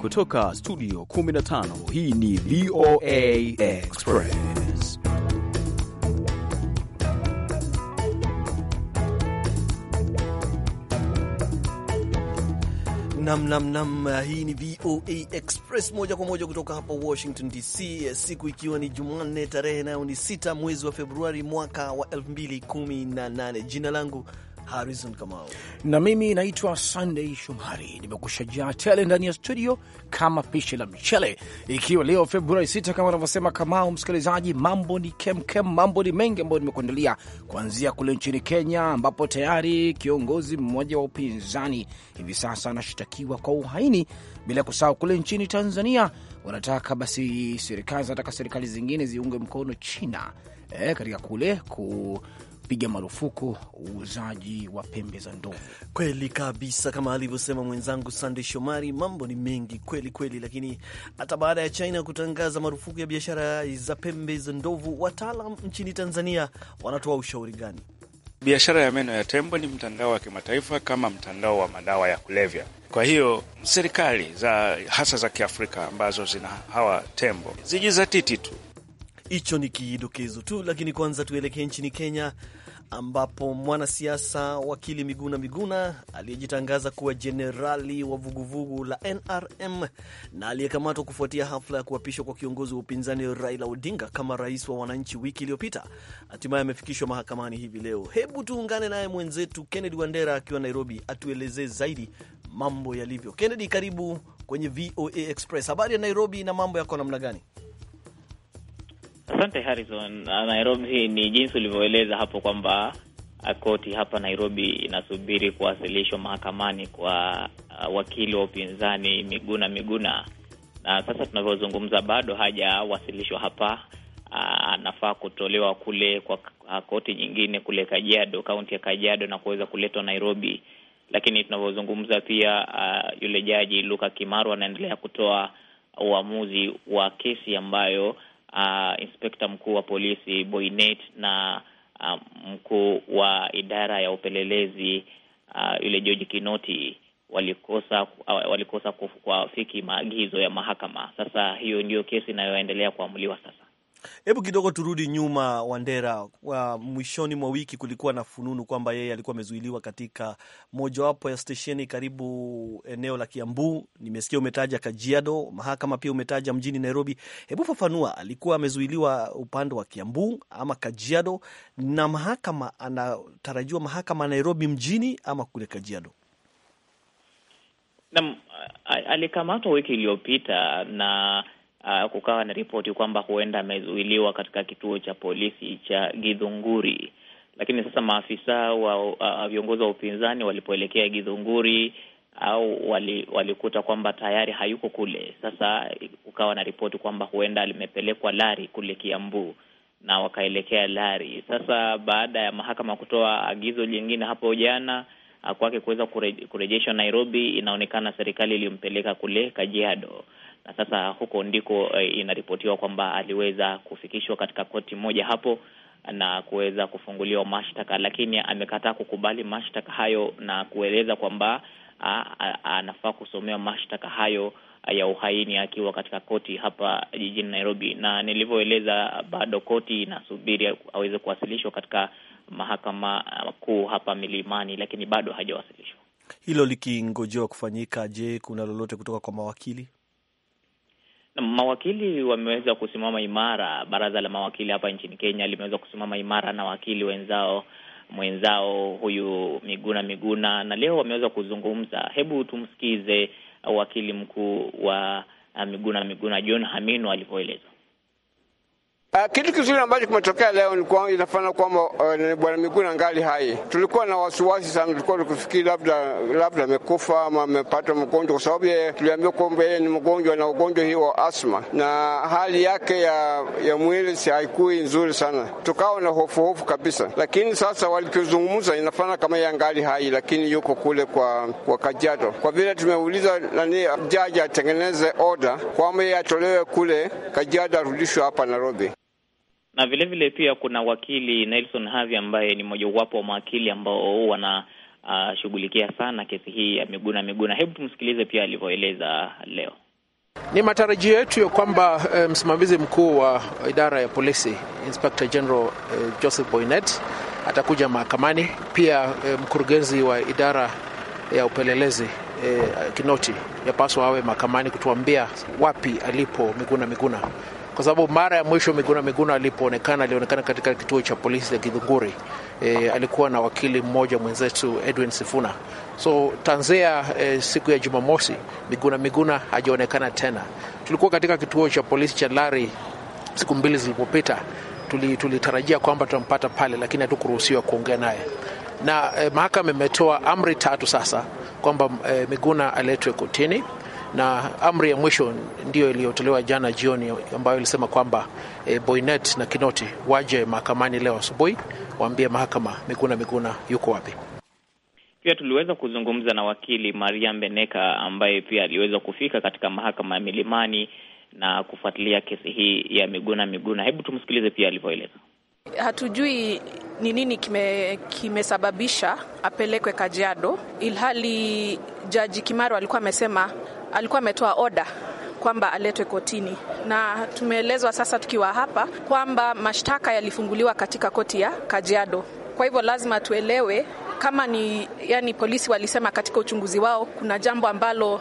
Kutoka studio 15 hii ni VOA Express. Namnamnam nam, uh, hii ni VOA Express moja kwa moja kutoka hapa Washington DC, uh, siku ikiwa ni Jumanne, tarehe nayo ni sita mwezi wa Februari mwaka wa 2018. Jina langu Harrison Kamau na mimi naitwa Sunday Shomari, nimekushajaa tele ndani ya studio kama pishi la mchele, ikiwa leo Februari 6 kama anavyosema Kamau. Msikilizaji, mambo ni kemkem, mambo ni mengi ambayo nimekuandalia, kuanzia kule nchini Kenya ambapo tayari kiongozi mmoja wa upinzani hivi sasa anashtakiwa kwa uhaini, bila kusahau kule nchini Tanzania wanataka basi serikali, zinataka serikali zingine ziunge mkono China eh, katika kule ku kupiga marufuku uuzaji wa pembe za ndovu. Kweli kabisa, kama alivyosema mwenzangu Sandey Shomari, mambo ni mengi kweli kweli, lakini hata baada ya China kutangaza marufuku ya biashara za pembe za ndovu, wataalam nchini Tanzania wanatoa ushauri gani? Biashara ya meno ya tembo ni mtandao wa kimataifa kama mtandao wa madawa ya kulevya. Kwa hiyo serikali za hasa za Kiafrika ambazo zina hawa tembo zijizatiti tu. Hicho ni kidokezo tu, lakini kwanza tuelekee nchini Kenya ambapo mwanasiasa wakili Miguna Miguna aliyejitangaza kuwa jenerali wa vuguvugu la NRM na aliyekamatwa kufuatia hafla ya kuapishwa kwa kiongozi wa upinzani Raila Odinga kama rais wa wananchi wiki iliyopita hatimaye amefikishwa mahakamani hivi leo. Hebu tuungane naye mwenzetu Kennedy Wandera akiwa Nairobi atuelezee zaidi mambo yalivyo. Kennedy, karibu kwenye VOA Express. Habari ya Nairobi na mambo yako namna gani? Asante Harrison. Ah, Nairobi ni jinsi ulivyoeleza hapo kwamba ah, koti hapa Nairobi inasubiri kuwasilishwa mahakamani kwa uh, wakili wa upinzani Miguna Miguna, na sasa tunavyozungumza bado hajawasilishwa hapa. Anafaa uh, kutolewa kule kwa uh, koti nyingine kule Kajiado, kaunti ya Kajiado, na kuweza kuletwa Nairobi. Lakini tunavyozungumza pia uh, yule jaji Luka Kimaru anaendelea kutoa uamuzi wa kesi ambayo uh, inspekta mkuu wa polisi Boynet na uh, mkuu wa idara ya upelelezi uh, yule George Kinoti walikosa uh, walikosa kuafiki maagizo ya mahakama. Sasa hiyo ndiyo kesi inayoendelea kuamuliwa sasa. Hebu kidogo turudi nyuma, Wandera. Wa mwishoni mwa wiki kulikuwa na fununu kwamba yeye alikuwa amezuiliwa katika mojawapo ya stesheni karibu eneo la Kiambu. Nimesikia umetaja Kajiado, mahakama pia umetaja mjini Nairobi. Hebu fafanua, alikuwa amezuiliwa upande wa Kiambu ama Kajiado, na mahakama anatarajiwa mahakama Nairobi mjini ama kule Kajiado? Naam, alikamatwa wiki iliyopita na uh, kukawa na ripoti kwamba huenda amezuiliwa katika kituo cha polisi cha Githunguri, lakini sasa maafisa wa uh, viongozi wa upinzani walipoelekea Githunguri au wali, walikuta kwamba tayari hayuko kule. Sasa kukawa na ripoti kwamba huenda limepelekwa Lari kule Kiambu na wakaelekea Lari. Sasa baada ya mahakama kutoa agizo lingine hapo jana ah, kwake kuweza kurejeshwa Nairobi, inaonekana serikali ilimpeleka kule Kajiado na sasa huko ndiko e, inaripotiwa kwamba aliweza kufikishwa katika koti moja hapo na kuweza kufunguliwa mashtaka, lakini amekataa kukubali mashtaka hayo na kueleza kwamba anafaa kusomewa mashtaka hayo ya uhaini akiwa katika koti hapa jijini Nairobi, na nilivyoeleza, bado koti inasubiri aweze kuwasilishwa katika mahakama kuu hapa Milimani, lakini bado hajawasilishwa. Hilo likingojewa kufanyika, je, kuna lolote kutoka kwa mawakili? Mawakili wameweza kusimama imara. Baraza la mawakili hapa nchini Kenya limeweza kusimama imara na wakili wenzao mwenzao huyu Miguna Miguna, na leo wameweza kuzungumza. Hebu tumsikize wakili mkuu wa uh, Miguna Miguna John Hamino alivyoeleza. Ah, kitu kizuri ambacho kimetokea leo ni kwa, inafanana kwamba uh, Bwana Miguna ngali hai. Tulikuwa na wasiwasi sana, tulikuwa tukifikiri labda labda amekufa ama amepata mgonjwa, kwa sababu yeye tuliambiwa kwamba yeye ni mgonjwa na ugonjwa hii wa asma, na hali yake ya, ya mwili si haikui nzuri sana, tukawa na hofu hofu kabisa. Lakini sasa walikizungumza, inafanana kama yeye ngali hai, lakini yuko kule kwa, kwa Kajiado, kwa vile tumeuliza nani jaji atengeneze oda kwamba yeye atolewe kule Kajiado arudishwe hapa Nairobi na vilevile vile pia kuna wakili Nelson Havi ambaye ni mojawapo wa mawakili ambao wanashughulikia ah, uh, sana kesi hii ya Miguna Miguna. Hebu tumsikilize pia alivyoeleza leo. Ni matarajio yetu ya kwamba eh, msimamizi mkuu wa idara ya polisi Inspector General eh, Joseph Boynet atakuja mahakamani, pia Eh, mkurugenzi wa idara ya upelelezi eh, Kinoti yapaswa awe mahakamani kutuambia wapi alipo Miguna Miguna kwa sababu mara ya mwisho Miguna Miguna alipoonekana alionekana katika kituo cha polisi ya Githunguri. E, alikuwa na wakili mmoja mwenzetu Edwin Sifuna. So tanzia e, siku ya Jumamosi Miguna Miguna hajaonekana tena. Tulikuwa katika kituo cha polisi cha Lari siku mbili zilipopita, tulitarajia tuli kwamba tutampata pale, lakini hatukuruhusiwa kuongea naye na e, mahakama imetoa amri tatu sasa kwamba e, Miguna aletwe kotini na amri ya mwisho ndiyo iliyotolewa jana jioni, ambayo ilisema kwamba e, Boynet na Kinoti waje mahakamani leo asubuhi, waambie mahakama Miguna Miguna yuko wapi. Pia tuliweza kuzungumza na wakili Maria Mbeneka ambaye pia aliweza kufika katika mahakama ya Milimani na kufuatilia kesi hii ya Miguna Miguna. Hebu tumsikilize pia alivyoeleza. Hatujui ni nini kimesababisha kime apelekwe Kajiado, ilhali Jaji Kimaro alikuwa amesema alikuwa ametoa oda kwamba aletwe kotini, na tumeelezwa sasa tukiwa hapa kwamba mashtaka yalifunguliwa katika koti ya Kajiado. Kwa hivyo lazima tuelewe kama ni yani, polisi walisema katika uchunguzi wao kuna jambo ambalo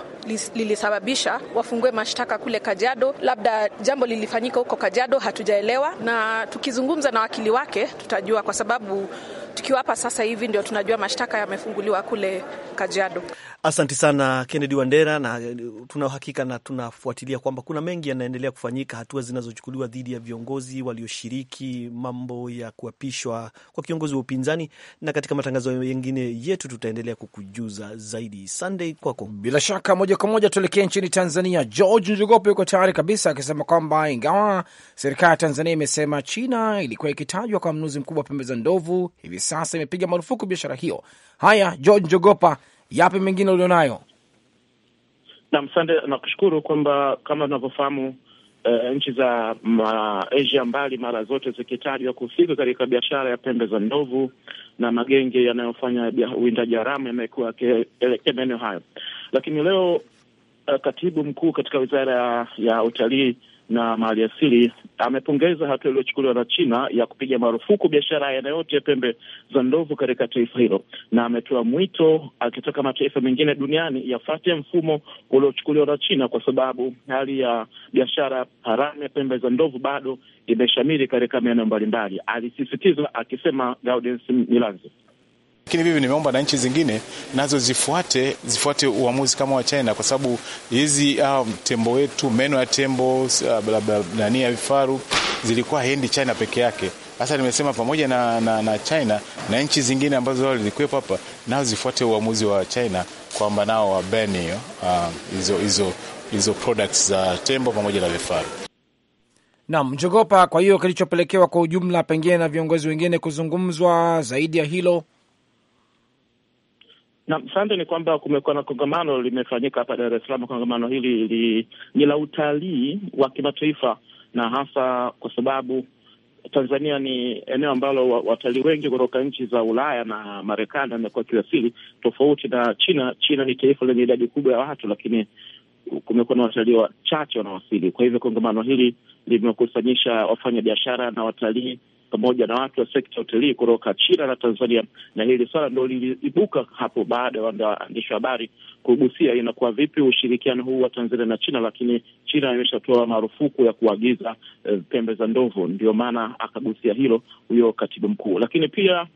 lilisababisha wafungue mashtaka kule Kajiado, labda jambo lilifanyika huko Kajiado, hatujaelewa. Na tukizungumza na wakili wake tutajua, kwa sababu tukiwa hapa sasa hivi ndio tunajua mashtaka yamefunguliwa kule Kajiado. Asanti sana Kennedy Wandera, na tuna uhakika na tunafuatilia kwamba kuna mengi yanaendelea kufanyika, hatua zinazochukuliwa dhidi ya viongozi walioshiriki mambo ya kuapishwa kwa kiongozi wa upinzani, na katika matangazo mengine yetu tutaendelea kukujuza zaidi. Sunday, kwako. Bila shaka moja kwa moja tuelekee nchini Tanzania. George Njogope yuko tayari kabisa, akisema kwamba ingawa serikali ya Tanzania imesema China ilikuwa ikitajwa kwa mnuzi mkubwa wa pembe za ndovu hivi sasa imepiga marufuku biashara hiyo. Haya, George Njogopa, yapi mengine ulionayo? Naam, asante nakushukuru kwamba kama tunavyofahamu Uh, nchi za Asia mbali mara zote zikitajwa kuhusika katika biashara ya pembe za ndovu na magenge yanayofanya uwindaji haramu yamekuwa yakielekea maeneo hayo, lakini leo uh, katibu mkuu katika wizara ya, ya utalii na mali asili amepongeza hatua iliyochukuliwa na China ya kupiga marufuku biashara aina yote ya pembe za ndovu katika taifa hilo, na ametoa mwito akitaka mataifa mengine duniani yafate mfumo uliochukuliwa na China, kwa sababu hali ya biashara haramu ya pembe za ndovu bado imeshamiri katika maeneo mbalimbali, alisisitiza akisema Gaudens Milanzi. Lakini vivi nimeomba na nchi zingine nazo zifuate zifuate uamuzi kama wa China, kwa sababu hizi uh, tembo wetu meno ya tembo uh, nani ya vifaru zilikuwa hendi China peke yake. Sasa nimesema pamoja na, na, na China na nchi zingine ambazo wao zilikuwepo hapa nao zifuate uamuzi wa China kwamba nao wabeni um, hizo uh, products za uh, tembo pamoja na vifaru. Naam, Njogopa, kwa hiyo kilichopelekewa kwa ujumla pengine na viongozi wengine kuzungumzwa zaidi ya hilo na sande ni kwamba kumekuwa na kongamano limefanyika hapa Dar es Salaam. Kongamano hili li, ni la utalii wa kimataifa, na hasa kwa sababu Tanzania ni eneo ambalo watalii wengi kutoka nchi za Ulaya na Marekani wamekuwa kiwasili, tofauti na China. China ni taifa lenye idadi kubwa ya watu, lakini kumekuwa na watalii wachache wanawasili. Kwa hivyo kongamano hili limekusanyisha wafanyabiashara na watalii pamoja na watu wa sekta utalii kutoka China na Tanzania, na hili swala ndo liliibuka hapo baada ya waandishi wa habari kugusia inakuwa vipi ushirikiano huu wa Tanzania na China, lakini China imeshatoa marufuku ya kuagiza eh, pembe za ndovu. Ndio maana akagusia hilo huyo katibu mkuu, lakini pia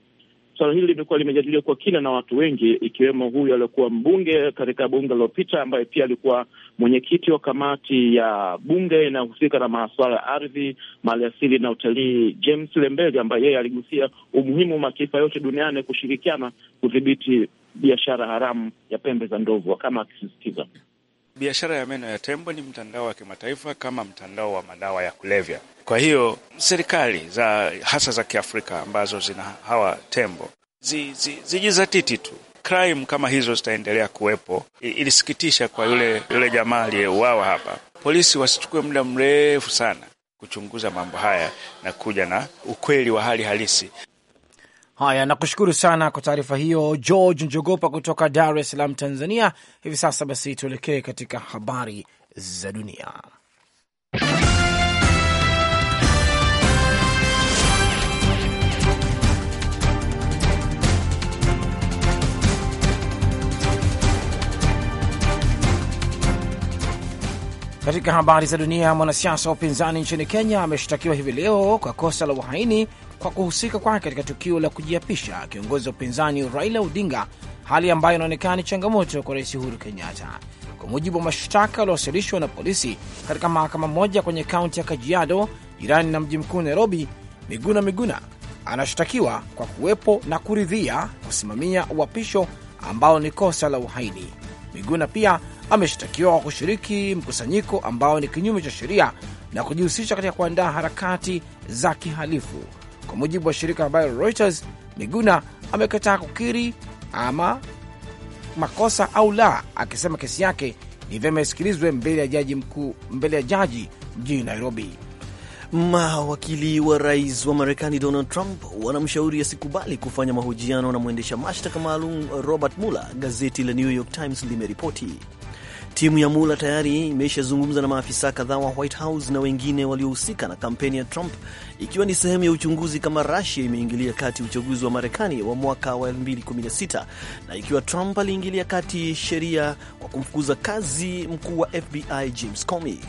Swala hili limekuwa limejadiliwa kwa kina na watu wengi, ikiwemo huyu aliokuwa mbunge katika bunge lilopita, ambaye pia alikuwa mwenyekiti wa kamati ya bunge inayohusika na masuala ya ardhi, mali asili na utalii, James lembeli ambaye yeye aligusia umuhimu wa mataifa yote duniani kushirikiana kudhibiti biashara haramu ya pembe za ndovu, kama akisisitiza biashara ya meno ya tembo ni mtandao wa kimataifa kama mtandao wa madawa ya kulevya. Kwa hiyo serikali za hasa za Kiafrika ambazo zina hawa tembo zijizatiti zi, zi tu crime kama hizo zitaendelea kuwepo. Ilisikitisha kwa yule, yule jamaa aliyeuawa hapa. Polisi wasichukue muda mrefu sana kuchunguza mambo haya na kuja na ukweli wa hali halisi. Haya, nakushukuru sana kwa taarifa hiyo George Njogopa kutoka Dar es Salaam, Tanzania. Hivi sasa basi tuelekee katika habari za dunia. Katika habari za dunia, mwanasiasa wa upinzani nchini Kenya ameshtakiwa hivi leo kwa kosa la uhaini kwa kuhusika kwake katika tukio la kujiapisha kiongozi wa upinzani Raila Odinga, hali ambayo inaonekana ni changamoto kwa Rais Uhuru Kenyatta. Kwa mujibu wa mashtaka yaliyowasilishwa na polisi katika mahakama moja kwenye kaunti ya Kajiado, jirani na mji mkuu Nairobi, Miguna Miguna anashtakiwa kwa kuwepo na kuridhia kusimamia uapisho ambao ni kosa la uhaini. Miguna pia ameshtakiwa kwa kushiriki mkusanyiko ambao ni kinyume cha sheria na kujihusisha katika kuandaa harakati za kihalifu. Kwa mujibu wa shirika la habari Reuters, Miguna amekataa kukiri ama makosa au la, akisema kesi yake ni vyema isikilizwe mbele ya jaji mkuu, mbele ya jaji mjini Nairobi. Mawakili wa rais wa Marekani Donald Trump wanamshauri asikubali kufanya mahojiano na mwendesha mashtaka maalum Robert Mueller, gazeti la New York Times limeripoti. Timu ya Mueller tayari imeshazungumza na maafisa kadhaa wa White House na wengine waliohusika na kampeni ya Trump, ikiwa ni sehemu ya uchunguzi kama Russia imeingilia kati uchaguzi wa Marekani wa mwaka wa 2016 na ikiwa Trump aliingilia kati sheria wa kumfukuza kazi mkuu wa FBI James Comey.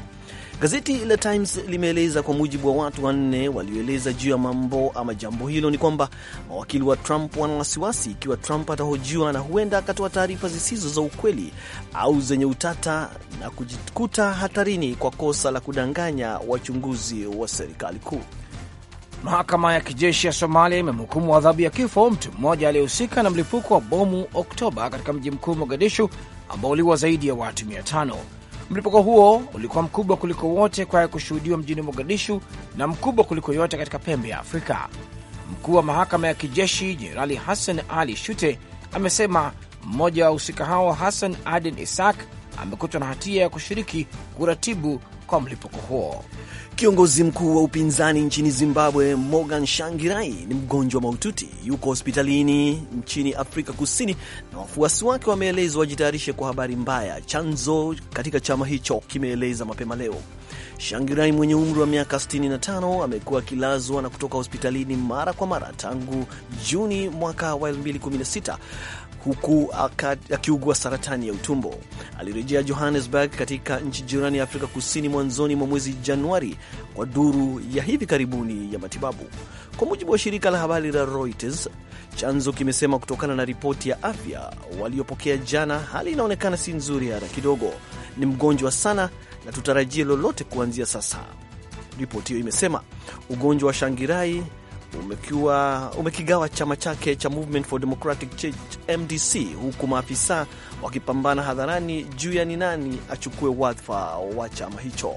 Gazeti la Times limeeleza kwa mujibu wa watu wanne walioeleza juu ya mambo ama jambo hilo ni kwamba mawakili wa Trump wana wasiwasi ikiwa Trump atahojiwa na huenda akatoa taarifa zisizo za ukweli au zenye utata na kujikuta hatarini kwa kosa la kudanganya wachunguzi wa serikali kuu. Mahakama ya kijeshi ya Somalia imemhukumu adhabu ya kifo mtu mmoja aliyehusika na mlipuko wa bomu Oktoba katika mji mkuu Mogadishu ambao uliwa zaidi ya watu mia tano. Mlipuko huo ulikuwa mkubwa kuliko wote kwaya kushuhudiwa mjini Mogadishu na mkubwa kuliko yote katika pembe ya Afrika. Mkuu wa mahakama ya kijeshi Jenerali Hassan Ali Shute amesema mmoja wa wahusika hao Hassan Aden Isak amekutwa na hatia ya kushiriki kuratibu kwa mlipuko huo. Kiongozi mkuu wa upinzani nchini Zimbabwe Morgan Shangirai ni mgonjwa mahututi, yuko hospitalini nchini Afrika Kusini, na wafuasi wake wameelezwa wajitayarishe kwa habari mbaya, chanzo katika chama hicho kimeeleza mapema leo. Shangirai mwenye umri wa miaka 65 amekuwa akilazwa na kutoka hospitalini mara kwa mara tangu Juni mwaka wa 2016 huku akiugua saratani ya utumbo. Alirejea Johannesburg katika nchi jirani ya Afrika Kusini mwanzoni mwa mwezi Januari kwa duru ya hivi karibuni ya matibabu, kwa mujibu wa shirika la habari la Reuters. Chanzo kimesema kutokana na ripoti ya afya waliopokea jana, hali inaonekana si nzuri hata kidogo. Ni mgonjwa sana na tutarajie lolote kuanzia sasa, ripoti hiyo imesema. Ugonjwa wa Shangirai umekiwa, umekigawa chama chake cha Movement for Democratic Change MDC, huku maafisa wakipambana hadharani juu ya ni nani achukue wadhifa wa chama hicho.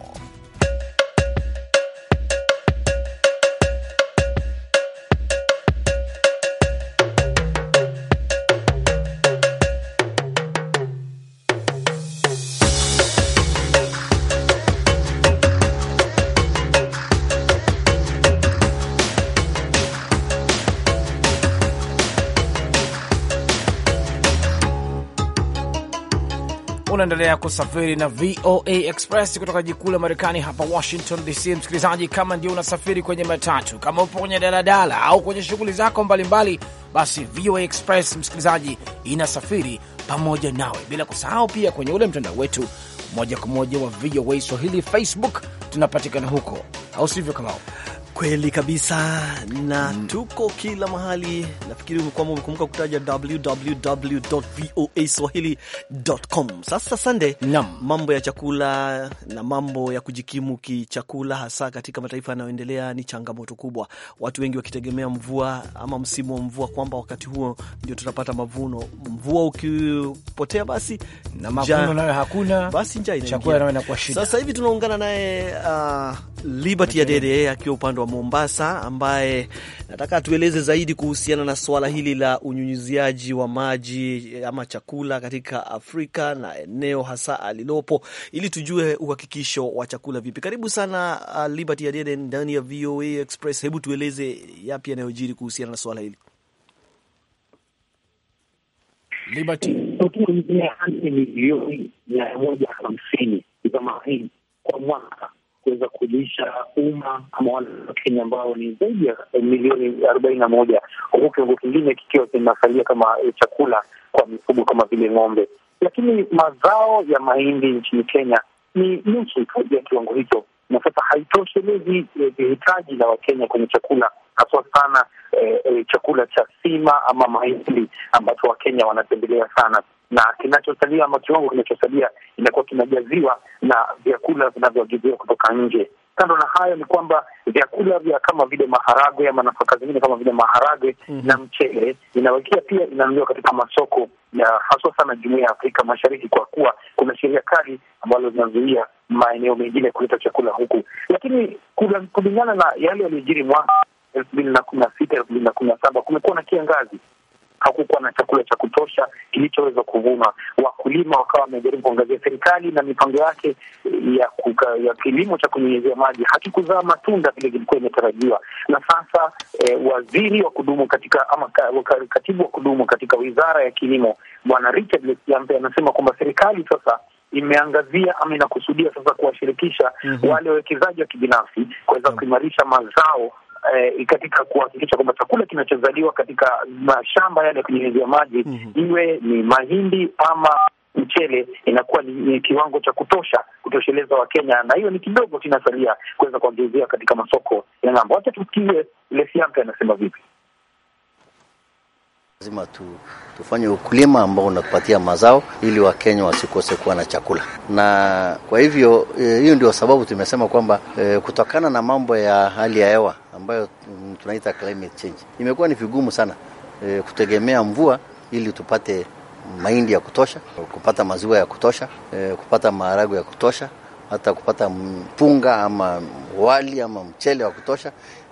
unaendelea kusafiri na VOA Express kutoka jikuu la Marekani hapa Washington DC. Msikilizaji, kama ndio unasafiri kwenye matatu, kama upo kwenye daladala au kwenye shughuli zako mbalimbali mbali, basi VOA Express msikilizaji, inasafiri pamoja nawe, bila kusahau pia kwenye ule mtandao wetu moja kwa moja wa VOA Swahili Facebook, tunapatikana huko, au sivyo Kamao? Kweli kabisa, na tuko kila mahali. Nafikiri kwamba umekumbuka kutaja www.voaswahili.com. Sasa sande, mambo ya chakula na mambo ya kujikimu kichakula, hasa katika mataifa yanayoendelea ni changamoto kubwa, watu wengi wakitegemea mvua ama msimu wa mvua, kwamba wakati huo ndio tutapata mavuno. Mvua ukipotea, basi na mavuno nayo hakuna, basi njaa inaingia. Sasa hivi tunaungana naye uh, Liberty Adede akiwa upande wa Mombasa, ambaye nataka tueleze zaidi kuhusiana na swala hili la unyunyiziaji wa maji eh, ama chakula katika Afrika na eneo hasa alilopo, ili tujue uhakikisho wa chakula vipi. Karibu sana uh, Liberty Adede ndani ya VOA Express. Hebu tueleze yapi yanayojiri kuhusiana na swala hili Liberty. moja hamsini kwa mwaka cha umma ama wale Kenya ambao ni zaidi ya milioni arobaini na moja huku kiwango kingine kikiwa kinasalia kama eh, chakula kwa mifugo kama vile ng'ombe. Lakini mazao ya mahindi nchini Kenya ni nusu tu ya kiwango hicho, na sasa haitoshelezi eh, vihitaji eh, la Wakenya kwenye chakula haswa sana eh, eh, chakula cha sima ama mahindi ambacho Wakenya wanatembelea sana na kinachosalia ama kiwango kinachosalia inakuwa kinajaziwa na vyakula vinavyoagiziwa kutoka nje. Kando na hayo ni kwamba vyakula vya kama vile maharagwe ama nafaka zingine kama vile maharagwe mm -hmm. na mchele inawakia pia inanunuliwa katika masoko ya haswa sana jumuia ya Afrika Mashariki, kwa kuwa kuna sheria kali ambazo zinazuia maeneo mengine kuleta chakula huku, lakini kulingana na yale yaliyojiri mwaka elfu mbili na kumi na sita elfu mbili na kumi na saba kumekuwa na kiangazi, hakukuwa na chakula cha kuhakikisha kilichoweza kuvuma. Wakulima wakawa wamejaribu kuangazia serikali na mipango yake ya kuka, ya kilimo cha kunyunyizia maji hakikuzaa matunda vile kilikuwa imetarajiwa. Na sasa eh, waziri wa kudumu katika ama katibu wa kudumu katika wizara ya kilimo Bwana Richard Lesiampe anasema kwamba serikali sasa imeangazia ama inakusudia sasa kuwashirikisha mm -hmm. wale wawekezaji wa kibinafsi kuweza mm -hmm. kuimarisha mazao eh, katika kuhakikisha kwamba chakula kinachozaliwa katika mashamba yale ya kunyunyizia maji mm -hmm. iwe ni mahindi ama mchele inakuwa ni, ni kiwango cha kutosha kutosheleza Wakenya, na hiyo ni kidogo kinasalia kuweza kuwageuzia katika masoko ya ng'ambo. Wacha tusikie Lesiampe anasema vipi. Lazima tu, tufanye ukulima ambao unatupatia mazao ili Wakenya wasikose kuwa na chakula, na kwa hivyo eh, hiyo e, ndio sababu tumesema kwamba e, kutokana na mambo ya hali ya hewa ambayo mm, tunaita climate change. Imekuwa ni vigumu sana e, kutegemea mvua ili tupate mahindi ya kutosha, kupata maziwa ya kutosha, e, kupata maharagwe ya kutosha, hata kupata mpunga ama wali ama mchele wa kutosha.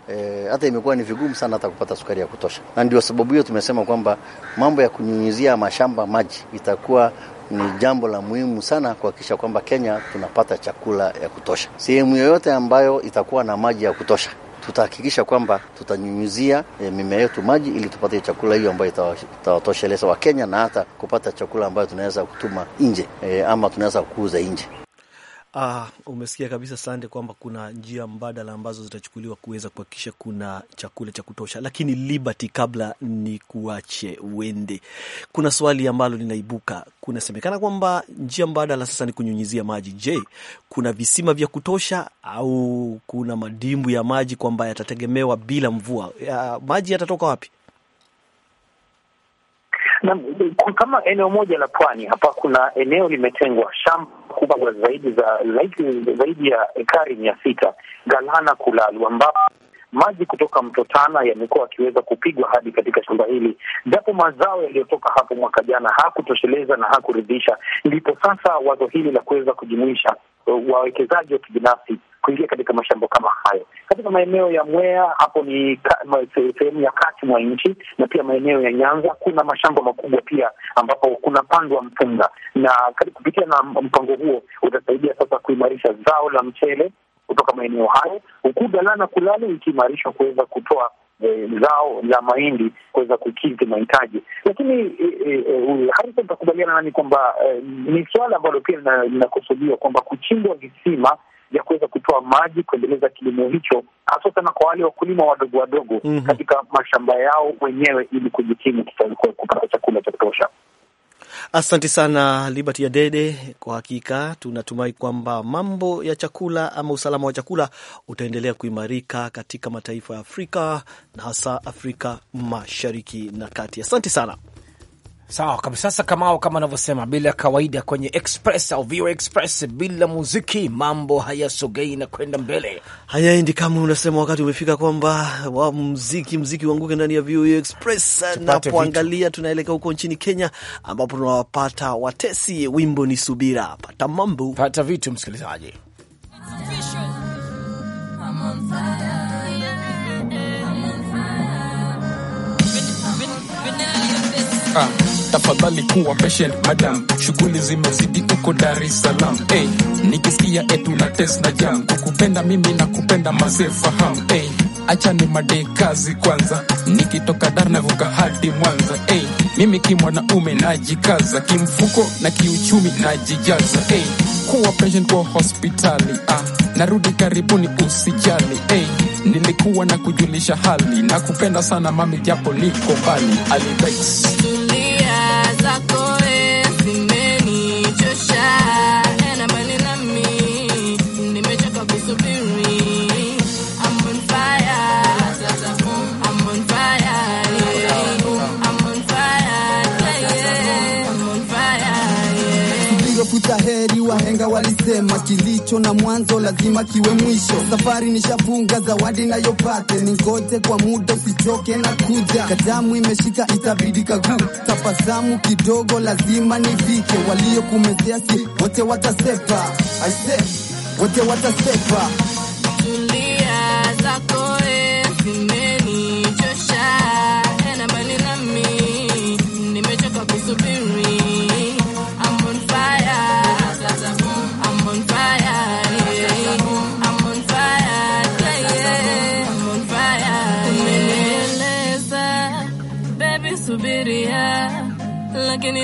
E, hata imekuwa ni vigumu sana hata kupata sukari ya kutosha, na ndio sababu hiyo tumesema kwamba mambo ya kunyunyizia mashamba maji itakuwa ni jambo la muhimu sana kuhakikisha kwamba Kenya tunapata chakula ya kutosha. Sehemu yoyote ambayo itakuwa na maji ya kutosha tutahakikisha kwamba tutanyunyuzia e, mimea yetu maji ili tupate chakula hiyo ambayo itawatosheleza Wakenya na hata kupata chakula ambayo tunaweza kutuma nje e, ama tunaweza kuuza nje. Ah, umesikia kabisa Sande, kwamba kuna njia mbadala ambazo zitachukuliwa kuweza kuhakikisha kuna chakula cha kutosha. Lakini Liberty, kabla ni kuache uende, kuna swali ambalo linaibuka. Kunasemekana kwamba njia mbadala sasa ni kunyunyizia maji. Je, kuna visima vya kutosha au kuna madimbu ya maji kwamba yatategemewa bila mvua? Ya, ah, maji yatatoka wapi? na kama eneo moja la pwani hapa, kuna eneo limetengwa shamba kubwa zaidi za zaidi ya ekari mia sita Galana Kulalu, ambapo maji kutoka mto Tana yamekuwa akiweza kupigwa hadi katika shamba hili, japo mazao yaliyotoka hapo mwaka jana hakutosheleza na hakuridhisha. Ndipo sasa wazo hili la kuweza kujumuisha uh, wawekezaji wa kibinafsi kuingia katika mashamba kama hayo. Katika maeneo ya Mwea hapo ni sehemu ya kati mwa nchi, na pia maeneo ya Nyanza kuna mashamba makubwa pia ambapo kuna pandwa mpunga, na kupitia na mpango huo utasaidia sasa kuimarisha zao la mchele kutoka maeneo hayo, huku Galana Kulale ikiimarishwa kuweza kutoa E, zao la mahindi kuweza kukidhi mahitaji, lakini e, e, e Harison, utakubaliana nani kwamba e, ni suala ambalo pia linakusudiwa kwamba kuchimbwa visima ya kuweza kutoa maji kuendeleza kilimo hicho, hasa sana kwa wale wakulima wadogo wadogo mm -hmm. katika mashamba yao wenyewe ili kujikimu kupata chakula cha kutosha. Asante sana Liberty Adede. Kwa hakika tunatumai kwamba mambo ya chakula ama usalama wa chakula utaendelea kuimarika katika mataifa ya Afrika na hasa Afrika Mashariki na Kati. Asante sana. Sawa kabisa. Sasa Kamao, kama anavyosema bila kawaida kwenye Express au VOA Express, bila muziki mambo hayasogei na kwenda mbele, hayaendi kama unasema. Wakati umefika kwamba wa muziki muziki uanguke ndani ya VOA Express. Napoangalia tunaelekea huko nchini Kenya, ambapo tunawapata Watesi, wimbo ni subira. Pata mambo, pata vitu, msikilizaji ah tafadhali kuwa patient madam, shughuli zimezidi huko Dar es Salaam. Hey, nikisikia etu na test na jam, kukupenda mimi na kupenda mazee Hey, acha ni made kazi kwanza, nikitoka Dar navuka hadi Mwanza. Hey, mimi kimwanaume najikaza, kimfuko na kiuchumi najijaza. Hey, kuwa patient kwa hospitali ah, narudi karibuni usijali. Hey, nilikuwa na kujulisha hali na kupenda sana mami, japo niko mbali. Alibex ¡Gracias! wanasema kilicho na mwanzo lazima kiwe mwisho. Safari nishafunga, zawadi nayopate ningoje kwa muda, usichoke na kuja. Kadamu imeshika itabidi kagu, tapasamu kidogo lazima nifike. Waliokumezea si wote watasepa, aise wote watasepa. Tulia zako, eh,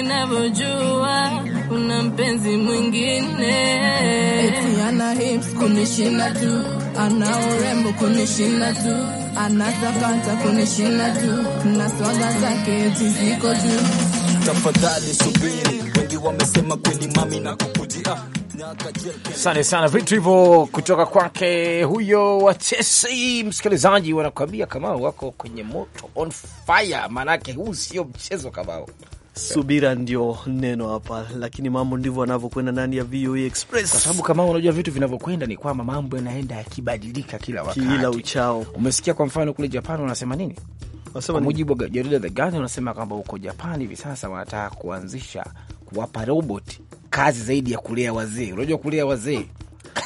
ninavyojua kuna mpenzi mwingine, eti ana hips kunishinda tu, ana urembo kunishinda tu, ana sapata kunishinda tu, na swaga zake eti ziko tu. Tafadhali subiri, wengi wamesema kweli, mami na kukujia Asante sana, vitu hivyo kutoka kwake huyo Watesi. Msikilizaji, wanakuambia kama wako kwenye moto, on fire, maanake huu sio mchezo Kamau. Subira ndio neno hapa, lakini mambo ndivyo anavyokwenda ndani ya VOA e Express, kwa sababu kama unajua vitu vinavyokwenda ni kwamba mambo yanaenda yakibadilika kila wakati, kila uchao. Umesikia kwa mfano kule Japan wanasema nini? Kwa mujibu wa jarida The Guardian wanasema kwamba huko Japan hivi sasa wanataka kuanzisha kuwapa robot kazi zaidi ya kulea wazee. Unajua kulea wazee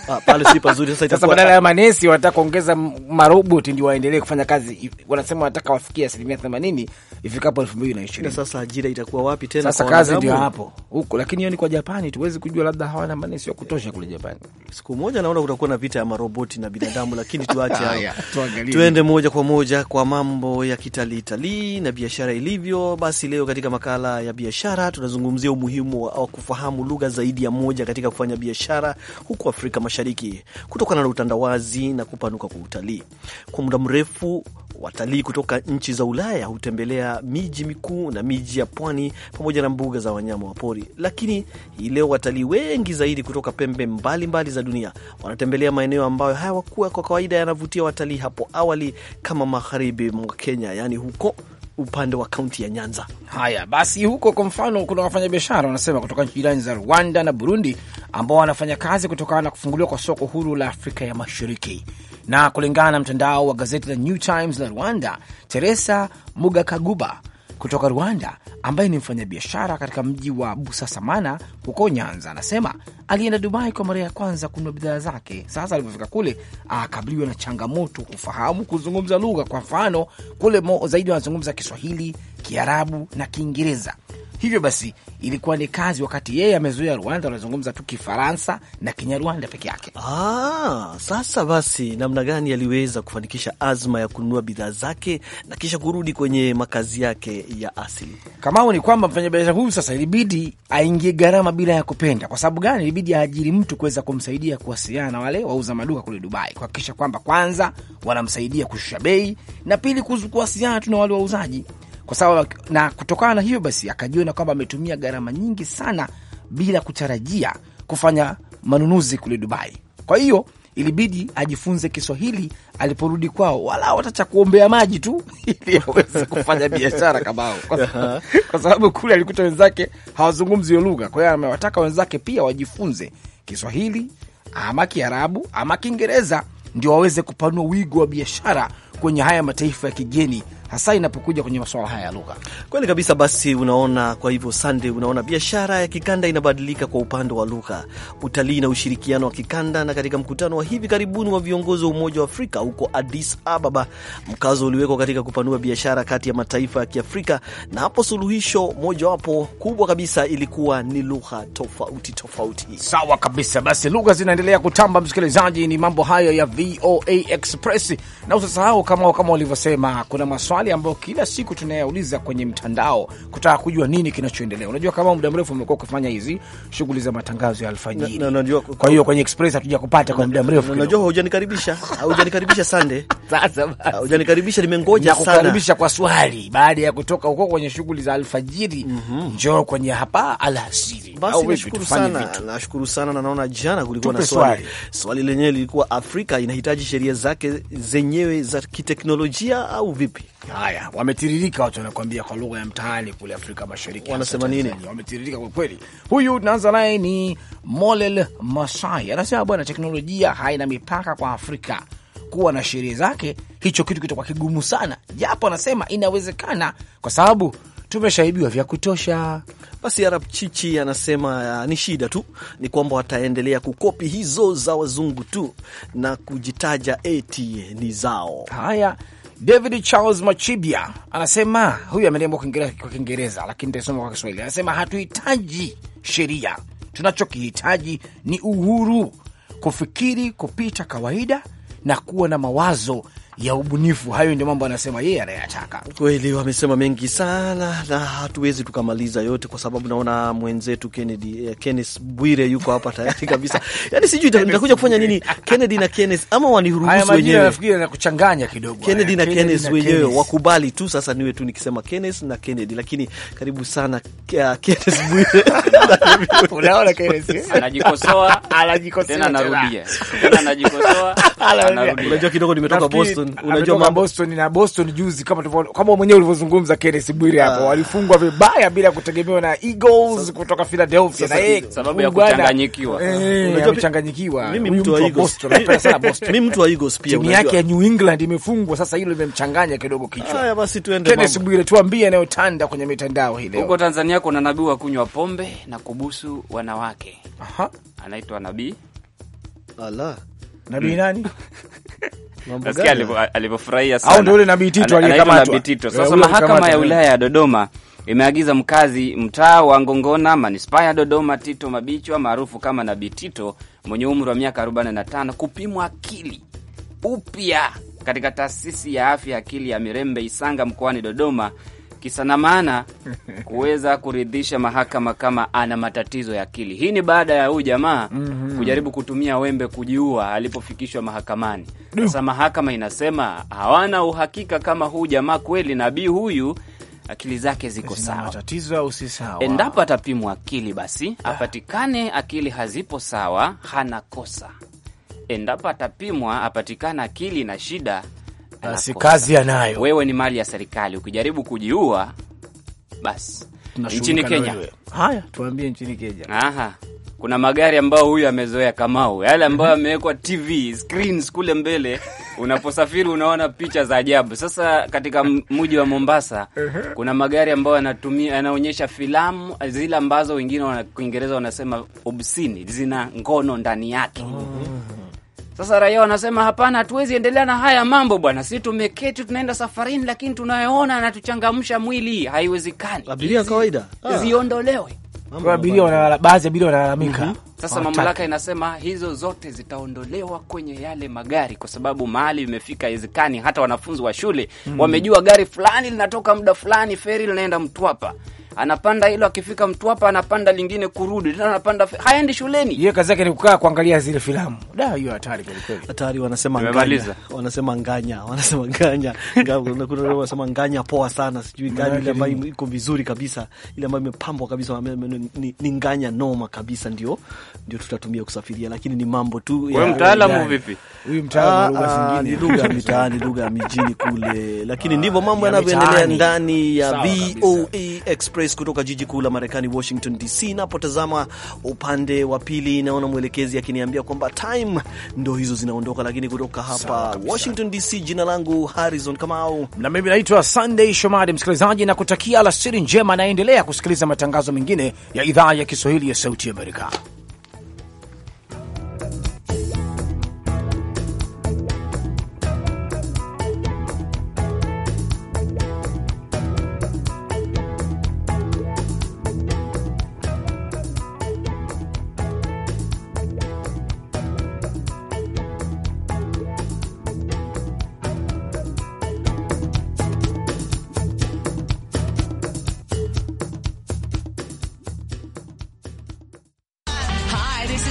ah, pale si pazuri sasa. Itakuwa badala ya manesi wanataka kuongeza marobot ndio waendelee kufanya kazi. Wanasema wanataka wafikie asilimia themanini ifikapo elfu mbili na ishirini. Sasa ajira itakuwa wapi tena? Sasa kazi ndio hapo huko, lakini hiyo ni kwa Japani, tuwezi kujua, labda hawana mani sio kutosha kule Japani. Siku moja naona kutakuwa na vita ya maroboti na binadamu, lakini tuache hayo, tuende moja kwa moja kwa mambo ya kitalii talii na biashara ilivyo. Basi leo katika makala ya biashara tunazungumzia umuhimu wa kufahamu lugha zaidi ya moja katika kufanya biashara huku Afrika Mashariki kutokana na utandawazi na kupanuka kwa utalii. Kwa muda mrefu watalii kutoka nchi za Ulaya hutembelea miji mikuu na miji ya pwani pamoja na mbuga za wanyama wa pori. Lakini hii leo watalii wengi zaidi kutoka pembe mbalimbali mbali za dunia wanatembelea maeneo ambayo hayawakuwa kwa kawaida yanavutia watalii hapo awali, kama magharibi mwa Kenya, yaani huko upande wa kaunti ya Nyanza. Haya basi, huko kwa mfano, kuna wafanyabiashara wanasema kutoka nchi jirani za Rwanda na Burundi ambao wanafanya kazi kutokana na kufunguliwa kwa soko huru la Afrika ya Mashariki. Na kulingana na mtandao wa gazeti la New Times la Rwanda, Teresa Mugakaguba kutoka Rwanda ambaye ni mfanyabiashara katika mji wa Busasamana huko Nyanza, anasema alienda Dubai kwa mara ya kwanza kununua bidhaa zake. Sasa alipofika kule akabiliwa na changamoto kufahamu kuzungumza lugha. Kwa mfano, kule zaidi wanazungumza Kiswahili, Kiarabu na Kiingereza. Hivyo basi ilikuwa ni kazi, wakati yeye amezoea Rwanda, wanazungumza tu Kifaransa na Kinyarwanda peke yake. Ah, sasa basi, namna gani aliweza kufanikisha azma ya kununua bidhaa zake na kisha kurudi kwenye makazi yake ya asili? Kamao ni kwamba mfanyabiashara huyu sasa ilibidi aingie gharama bila ya kupenda. Kwa sababu gani? Ilibidi aajiri mtu kuweza kumsaidia kuwasiliana na wale wauza maduka kule Dubai, kuhakikisha kwamba kwanza wanamsaidia kushusha bei na pili kuwasiliana tu na wale wauzaji kwa sababu, na kutokana na hiyo basi akajiona kwamba ametumia gharama nyingi sana bila kutarajia kufanya manunuzi kule Dubai. Kwa hiyo ilibidi ajifunze Kiswahili aliporudi kwao, wala watacha kuombea maji tu ili aweze kufanya biashara kamao, kwa sababu kule alikuta wenzake hawazungumzi lugha. Kwa hiyo amewataka wenzake pia wajifunze Kiswahili ama Kiarabu ama Kiingereza ndio waweze kupanua wigo wa biashara kwenye haya mataifa ya kigeni hasa inapokuja kwenye masuala haya ya lugha. Kweli kabisa. Basi unaona, kwa hivyo Sande, unaona biashara ya kikanda inabadilika kwa upande wa lugha, utalii na ushirikiano wa kikanda. Na katika mkutano wa hivi karibuni wa viongozi wa Umoja wa Afrika huko Addis Ababa, mkazo uliwekwa katika kupanua biashara kati ya mataifa ya Kiafrika, na hapo suluhisho mojawapo kubwa kabisa ilikuwa ni lugha tofauti tofauti. Sawa kabisa. Basi lugha zinaendelea kutamba, msikilizaji, ni mambo hayo ya VOA Express na usasahau kama kama ulivyosema, kuna maswali ambayo kila siku tunayauliza kwenye mtandao kutaka kujua nini kinachoendelea. Unajua, kama muda mrefu umekuwa ukifanya hizi shughuli za matangazo ya alfajiri na, na, kwa hiyo kwenye express hatuja kupata kwa muda mrefu. Unajua, hujanikaribisha hujanikaribisha sande, sasa ah, hujanikaribisha, nimengoja sana kukaribisha kwa swali baada ya kutoka huko kwenye shughuli za alfajiri, mm -hmm. njoo kwenye hapa alasiri. Basi nashukuru sana, nashukuru sana na naona jana kulikuwa na swali, swali lenyewe lilikuwa Afrika inahitaji sheria zake zenyewe za kiteknolojia au vipi? Haya, wametiririka watu, wanakuambia kwa lugha ya mtaani kule Afrika Mashariki wanasema nini? Wametiririka kwa kweli. Huyu tunaanza naye ni Molel Masai, anasema bwana, teknolojia haina mipaka kwa Afrika kuwa na sheria zake, hicho kitu kitakuwa kigumu sana, japo anasema inawezekana kwa sababu tumeshaibiwa vya kutosha. Basi Arab Chichi anasema ah, ni shida tu ni kwamba wataendelea kukopi hizo za wazungu tu na kujitaja eti ni zao. Haya, David Charles Machibia anasema huyu amelemba kwa Kiingereza, lakini tasoma kwa Kiswahili. Anasema hatuhitaji sheria, tunachokihitaji ni uhuru kufikiri kupita kawaida na kuwa na mawazo ya ubunifu. Hayo ndio mambo anasema yeye anayataka. Kweli wamesema mengi sana, na hatuwezi tukamaliza yote, kwa sababu naona mwenzetu Kennedy, eh, Kenneth Bwire yuko hapa tayari kabisa. Yani sijui nitakuja kufanya nini Kennedy na Kenneth, ama waniruhusu wenyewe. Nafikiri na kuchanganya kidogo Kennedy na Kenneth wenyewe wakubali tu. Sasa niwe tu nikisema Kenneth na Kennedy, lakini karibu sana uh, Kenneth Bwire unaona Kenneth eh? anajikosoa, anajikosoa tena, anarudia tena, anajikosoa, anarudia. Unajua kidogo nimetoka Boston Boston, unajua mambo Boston na Boston juzi, kama tulivyo kama mwenyewe ulivyozungumza Kenneth Bwire hapo, ah. walifungwa vibaya bila kutegemewa na Eagles kutoka Philadelphia, na yeye sababu ya kuchanganyikiwa, eh, unajua kuchanganyikiwa. Mimi mtu wa Eagles, napenda sana Boston, mimi mtu wa Eagles pia. Timu yake ya New England imefungwa, sasa hilo limemchanganya kidogo kichwa. Haya basi, tuende Kenneth Bwire, tuambie anayotanda kwenye mitandao hii leo. Huko Tanzania kuna nabii wa kunywa pombe na kubusu wanawake, aha, anaitwa nabii ala, nabii nani? nasikia alivyofurahia sana, au ndio yule Nabii Tito aliyekamatwa. Nabii Tito. Eh, Sasa mahakama ya wilaya ya Dodoma imeagiza mkazi mtaa wa Ngongona manispaa ya Dodoma, Tito Mabichwa maarufu kama Nabii Tito mwenye umri wa miaka 45 kupimwa akili upya katika taasisi ya afya akili ya Mirembe Isanga mkoani Dodoma kisa na maana kuweza kuridhisha mahakama kama ana matatizo ya akili. Hii ni baada ya huyu jamaa mm -hmm. kujaribu kutumia wembe kujiua alipofikishwa mahakamani. Sasa mahakama inasema hawana uhakika kama huyu jamaa kweli nabii huyu akili zake ziko sawa, matatizo au si sawa. Endapo atapimwa akili, basi ah. apatikane akili hazipo sawa, hana kosa. Endapo atapimwa apatikana akili na shida basi kazi anayo. Wewe ni mali ya serikali, ukijaribu kujiua basi. Nchini Kenya, haya tuambie, nchini Kenya aha kuna magari ambayo huyu amezoea Kamau, yale ambayo yamewekwa mhm. TV screens kule mbele, unaposafiri unaona picha za ajabu. Sasa katika mji wa Mombasa mhm. kuna magari ambayo yanatumia yanaonyesha filamu zile ambazo wengine wa Kiingereza wanasema obscene, zina ngono ndani yake. Mhm. Sasa raia wanasema hapana, hatuwezi endelea na haya mambo bwana, si tumeketi tunaenda safarini, lakini tunayoona anatuchangamsha mwili, haiwezekani. Abiria kawaida ah. ziondolewe. Baadhi ya abiria wanalalamika. Mhm. Sasa mamlaka inasema hizo zote zitaondolewa kwenye yale magari, kwa sababu mahali imefika haiwezekani. Hata wanafunzi wa shule mm, wamejua gari fulani linatoka muda fulani, feri linaenda Mtwapa anapanda hilo, akifika mtu hapa anapanda lingine kurudi tena, anapanda haendi shuleni. Yeye kazi yake ni kukaa kuangalia zile filamu. Da, hiyo hatari kweli kweli, hatari. Wanasema nganya, wanasema nganya, wanasema nganya, kuna kuna wanasema nganya poa sana, sijui gani ile ambayo iko vizuri kabisa, ile ambayo imepambwa kabisa, ni nganya noma kabisa, ndio ndio tutatumia kusafiria, lakini ni mambo tu. Wewe mtaalamu yaani, vipi? Huyu mtaalamu lugha ah, ah, zingine, ni lugha mitaani, lugha ya mijini kule, lakini ah, ndivyo mambo yanavyoendelea ndani ya VOA e Express. Express kutoka jiji kuu la Marekani, Washington DC. napotazama upande wa pili, naona mwelekezi akiniambia kwamba time ndo hizo zinaondoka, lakini kutoka hapa Washington DC, jina langu Harrison Kamau na mimi naitwa Sunday Shomari. Msikilizaji na kutakia alasiri njema, naendelea kusikiliza matangazo mengine ya idhaa ya Kiswahili ya Sauti Amerika.